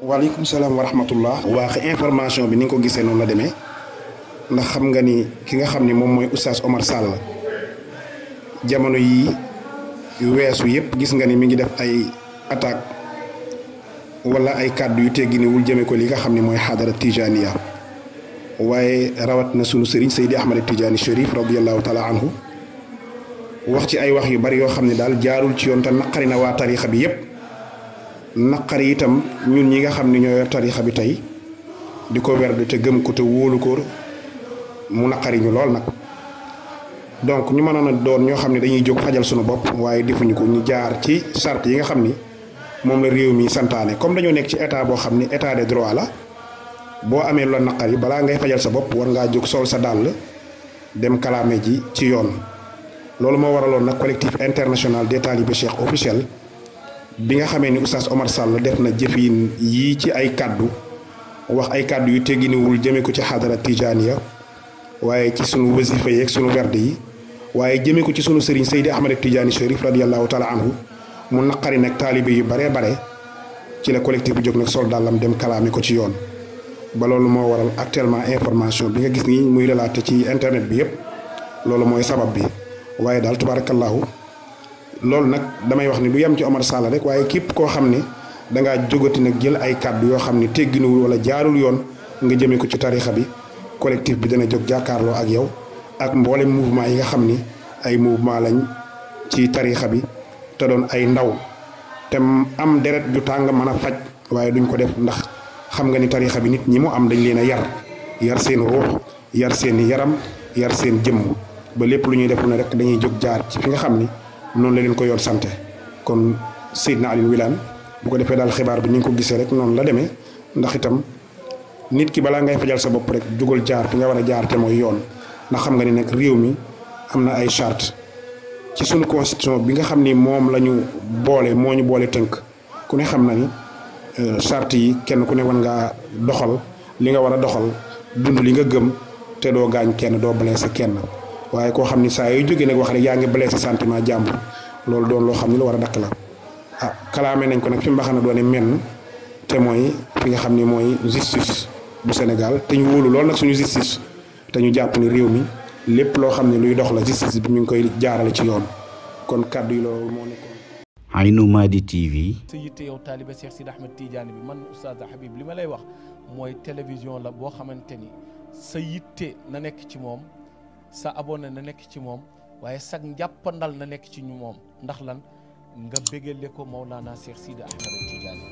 waaleykum salaam wa rahmatullah waax information bi ni nga ko gisee noonu la demee ndax xam nga ni ki nga xam ni moom mooy oustaz Omar Sall jamono yii weesu yëpp gis nga ni mi ngi def ay attaque walla ay kàddu yu tegginiwul jëme ko li nga xam ni mooy xaadara ya waaye rawat na sunu sëriñ Seydi Ahmad Tijani Chérif radiallahu taala anhu wax ci ay wax yu bari yoo xam ne daal jaarul ci yoon te naqari na waa tariixa bi yëpp Nakari itam ñun ñi nga xam ne ñoo yor bi tey di ko werd te gëm ko te wóolu ko mu naqari ñu lool nag donc ñu mënoon a doon ñoo xam ne dañuy jóg fajal suñu bopp waaye defuñu ko ñu jaar ci sart yi nga xam ni moom la réew mi santaane comme dañoo nekk ci état boo xam ni état de droit la boo amee loolu naqari balaa ngay fajal sa bopp war ngaa jóg sol sa dàll dem kalaame ji ci yoon loolu moo waraloon nag collectif international des talibés cheikh officiel bi nga xamee ni Oustaz Omar Sall def na jëfin yii ci ay kàddu wax ay kàddu yu tegginiwul jëme ko ci xadara ya waaye ci sunu wasifa yi ak sunu werd yi waaye jëme ko ci sunu sëriñ Seydi Ahmed Tidiane Chérif radiallahu taala anhu mu naqari nag taalibe yu baree bare ci la collectif bu jóg nag sol dàllam dem kalaami ko ci yoon ba loolu moo waral actuellement information bi nga gis nii muy relaté ci internet bi yëpp loolu mooy sabab bi waaye daal tabarakallahu loolu nag damay wax ni du yem ci Omar Sall rek waaye képp koo xam ne dangaa jógati nag jël ay kàddu yoo xam ne tegginuwul wala jaarul yoon nga jëmee ko ci tarixa bi collectif bi dana jóg jàkkaarloo ak yow ak mboolem mouvement yi nga xam ni ay mouvement lañ ci tarixa bi te doon ay ndaw te am deret ju tàng mën a faj waaye duñ ko def ndax xam nga ni tarixa bi nit ñi mu am dañ leen a yar yar seen ruux yar seen yaram yar seen jëmm ba lépp lu ñuy def ne rek dañuy jóg jaar ci fi nga xam ni noonu la leen ko yoon sante kon Seydina Aliou Wilane bu ko defee daal xibaar bi ni nga ko gisee rek noonu la demee ndax itam nit ki balaa ngay fajal sa bopp rek jugal jaar fi nga war a jaar te mooy yoon ndax xam nga ni nag réew mi am na ay charte ci sunu constitution bi nga xam ni moom la ñu boole moo ñu boole tënk ku ne xam na ni euh, charte yi kenn ku ne war ngaa doxal li nga war a doxal dund li nga gëm te doo gaañ kenn doo sa kenn. waaye koo xam ni saa yooy jógee nag wax rek yaa ngi blessé sentiment jàmbur loolu doon loo xam ni lu war a dakk la ah kalaame nañ ko nag fi mbaxana doone menn te mooy fi nga xam ni mooy justice bu Sénégal te ñu wóolu loolu nag suñu justice te ñu jàpp ni réew mi lépp loo xam ne luy dox la justice bi mi ngi koy jaarale ci yoon kon kàddu yi loolu moo nekkoon. Aynou Mady TV. sa yitte yow taaliba Cheikh Sidi Ahmed Tidiane bi man Oustaz Habib li ma lay wax mooy télévision la boo xamante ni sa yitte na nekk ci moom. sa abone na nekk ci moom waaye sag njàppandal na nekk ci ñu moom ndax lan nga bégale ko Maulana Cheikh Sidi Ahmed Tidiane